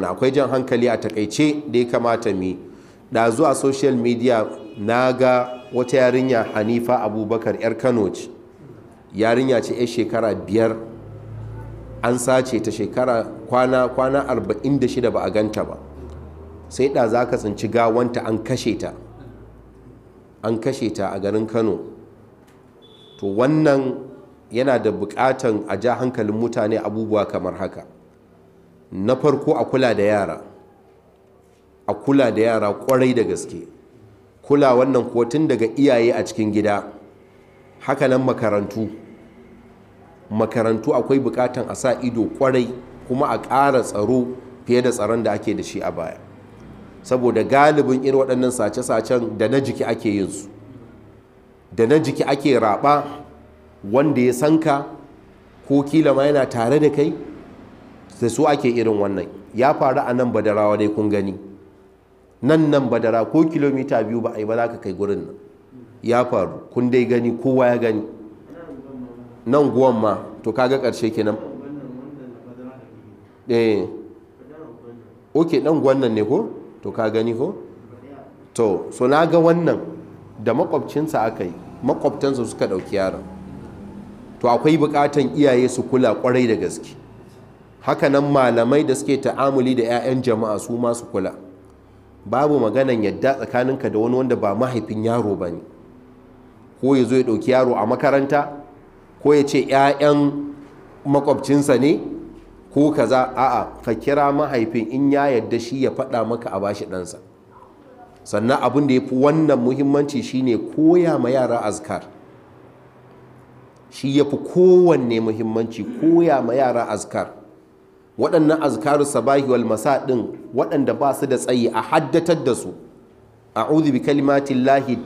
mana akwai jan hankali a takaice da ya kamata mi ɗazu zuwa social media na ga wata yarinya hanifa abubakar yar kano ce yarinya ce 'yar shekara biyar an sace ta shekara kwana kwana 46 ba a ganta ba sai da za ka tsinci gawanta an kashe ta an kashe ta a garin kano to wannan yana da bukatan a ja hankalin mutane abubuwa kamar haka na farko a kula da yara a kula da yara kwarai da gaske kula wannan kotun daga iyaye a cikin gida hakanan makarantu makarantu akwai bukatan a sa ido kwarai kuma a ƙara tsaro fiye da tsaron da ake da shi a baya saboda galibin irin waɗannan sace-sacen da na jiki ake yin su da na jiki ake raɓa wanda ya sanka ko kila ma yana tare da kai sai su ake irin wannan ya faru a nan badarawa dai kun gani nan nan badara ko kilomita biyu ba a yi ba za ka kai gurin nan ya faru kun dai gani kowa ya gani nan guwan ma to kaga ƙarshe kenan eh ok dan nan ne ko to ka gani ko to so na ga wannan da makwabcinsa aka yi makwabtansa suka ɗauki yaron to akwai buƙatan iyaye su kula ƙwarai da gaske hakanan malamai da suke ta'amuli da 'ya'yan jama'a su masu kula babu maganan yadda tsakaninka da wani wanda ba mahaifin yaro ba ne ko ya zo ya ɗauki yaro a makaranta ko ya ce 'ya'yan makwabcinsa ne ko kaza a'a ka kira mahaifin in ya yadda shi ya faɗa maka a bashi ɗansa sannan abin da ya fi wannan muhimmanci shine koya ma yara azkar shi ya fi kowanne muhimmanci koya ma yara azkar waɗannan azkaru sabahi wal masa ɗin waɗanda ba su da tsayi a haddatar da su uzu bi kalimatin lahi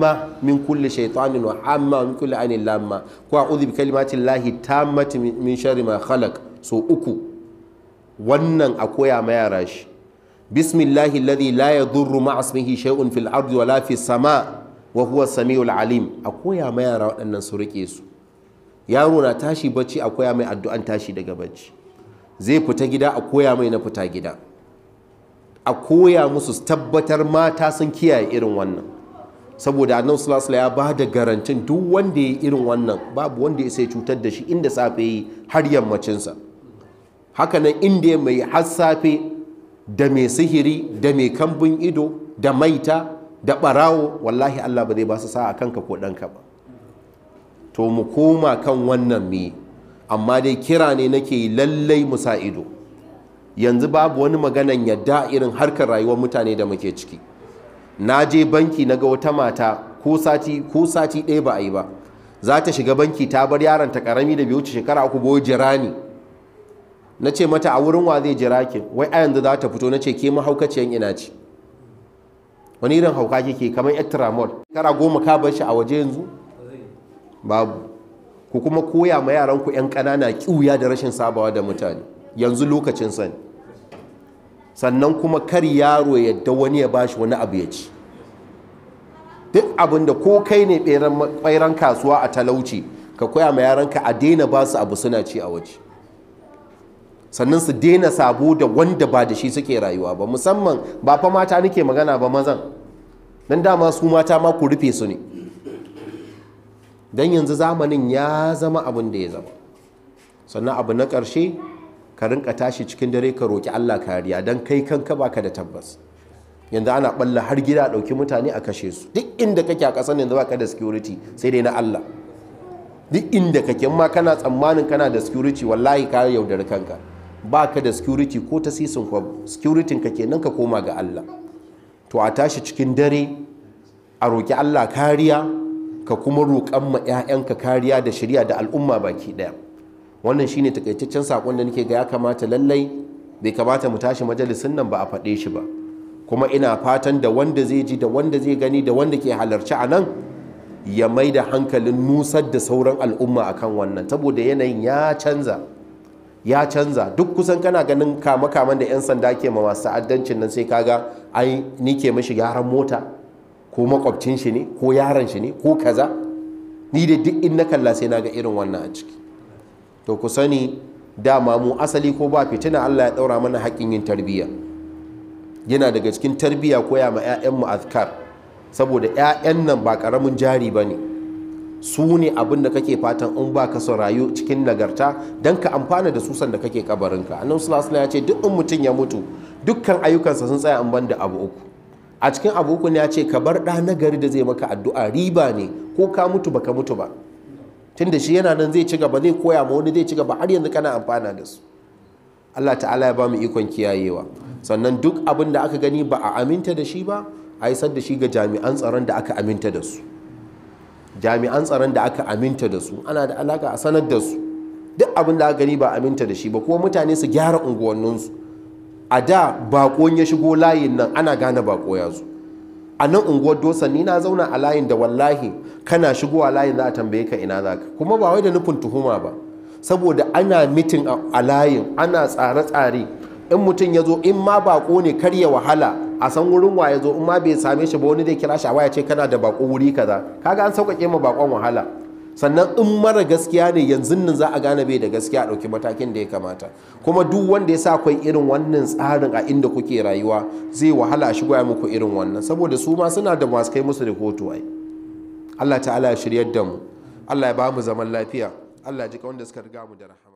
ma min kulle shaitanin wa min kulle anin lamma ko uzu bi kalimatin lahi ta min shari ma khalak so uku wannan a koya ma yara shi bismillahi alladhi la yadurru ma ismihi shay'un fil ardi wala fi sama wa huwa samiul alim a koya ma yara waɗannan su rike su yaro na tashi bacci a koya mai addu'an tashi daga bacci zai fita gida a koya mai na fita gida a koya musu tabbatar mata sun kiyaye irin wannan saboda nan sulasula ya ba da garantin duk wanda ya irin wannan babu wanda ya sai cutar da shi inda safe yi har yammacinsa haka nan inda mai har safe da mai sihiri da mai kambun ido da maita da barawo wallahi Allah ba zai ba su sa a kanka ko ɗanka ba to mu koma kan wannan me amma dai kira ne nake yi lallai musa ido yanzu babu wani maganan yadda irin harkar rayuwar mutane da muke ciki na je banki na ga wata mata ko sati ko sati ɗaya ba a yi ba za ta shiga banki ta bar yaron ta karami da bai wuce shekara uku boye jira ni na ce mata a wurin wa zai jira ki wai a yanzu za ta fito na ce ke mahaukaciyan ina ce wani irin hauka kike kamar etramol kara goma ka bar shi a waje yanzu babu ku kuma koya ma yaranku 'yan ƙanana ƙiuya da rashin sabawa da mutane yanzu lokacin sani sannan kuma kar yaro yadda wani ya bashi wani abu ya ci duk abin da ko kai ne ɓairan kasuwa a talauci ka koya ma yaranka a daina ba su abu suna ci a waje sannan su daina sabo da wanda ba da shi suke rayuwa ba musamman ba fa mata nake magana ba mazan don dama su mata ma ku rufe su ne don yanzu zamanin ya zama abin da ya zama sannan abu na ƙarshe ka rinka tashi cikin dare ka roƙi Allah kariya don kai kanka baka da tabbas yanzu ana balla har gida ɗauki mutane a kashe su duk inda kake a ƙasar yanzu baka da security sai dai na Allah duk inda kake ma kana tsammanin kana da security wallahi ka yaudari kanka baka da security ko ta sisin kwab security ka kenan ka koma ga Allah to a tashi cikin dare a roƙi Allah kariya ka kuma roƙon ma 'ya'yanka kariya da shari'a da al'umma baki ɗaya wannan shine takaitaccen saƙon da nake ga ya kamata lallai bai kamata mu tashi majalisin nan ba a faɗe shi ba kuma ina fatan da wanda zai ji da wanda zai gani da wanda ke halarci a nan ya mai da hankalin nusar da sauran al'umma akan wannan saboda yanayin ya canza ya canza duk kusan kana ganin kama-kaman da 'yan sanda ke ma masu ta'addancin nan sai kaga ai ni ke mashi gyaran mota ko makwabcin shi ne ko yaron shi ne ko kaza ni da duk in na kalla sai na ga irin wannan a ciki to ku sani dama mu asali ko ba fitina Allah ya daura mana haƙin yin tarbiyya yana daga cikin tarbiyya koya ma mu azkar saboda 'ya'yan nan ba ƙaramin jari ba ne su ne abin da kake fatan in ba ka so rayu cikin nagarta dan ka amfana da susan da kake kabarinka annabi sallallahu ya ce duk in mutum ya mutu dukkan ayyukansa sun tsaya in banda abu uku a cikin abokun ya ce ka bar ɗa na gari da zai maka addu'a riba ne ko ka mutu ba ka mutu ba Tun da shi yana nan zai ci gaba zai koya ma wani zai ci gaba har yanzu kana amfana da su Allah ta'ala ya ba mu ikon kiyayewa sannan duk abin da aka gani ba a aminta da shi ba a yi da shi ga jami'an tsaron da aka aminta da su jami'an tsaron da aka aminta da su ana da alaka a sanar da su duk abin da aka gani ba aminta da shi ba kuma mutane su gyara unguwanninsu a da bakon ya shigo layin nan ana gane bako ya zo a nan unguwar dosanni na zauna a layin da wallahi kana shigowa layin za a tambaye ka ina za ka kuma ba wai da nufin tuhuma ba saboda ana mitin a layin ana tsare-tsare in mutum ya zo in ma bako ne kar ya wahala a san wurin wa ya zo in ma bai same shi ba wani zai kira shi a waya ce kana da bako wuri kaza kaga an sauƙaƙe ma bakon wahala sannan in mara gaskiya ne yanzu nan za a gane bai da gaskiya a ɗauki matakin da ya kamata kuma duk wanda ya sa kwai irin wannan tsarin a inda kuke rayuwa zai wahala a shigo ya muku irin wannan saboda su ma suna da masu kai musu rahoto ai Allah ta'ala ya shiryar da mu Allah ya ba mu zaman lafiya Allah ya ji wanda suka riga mu da rahama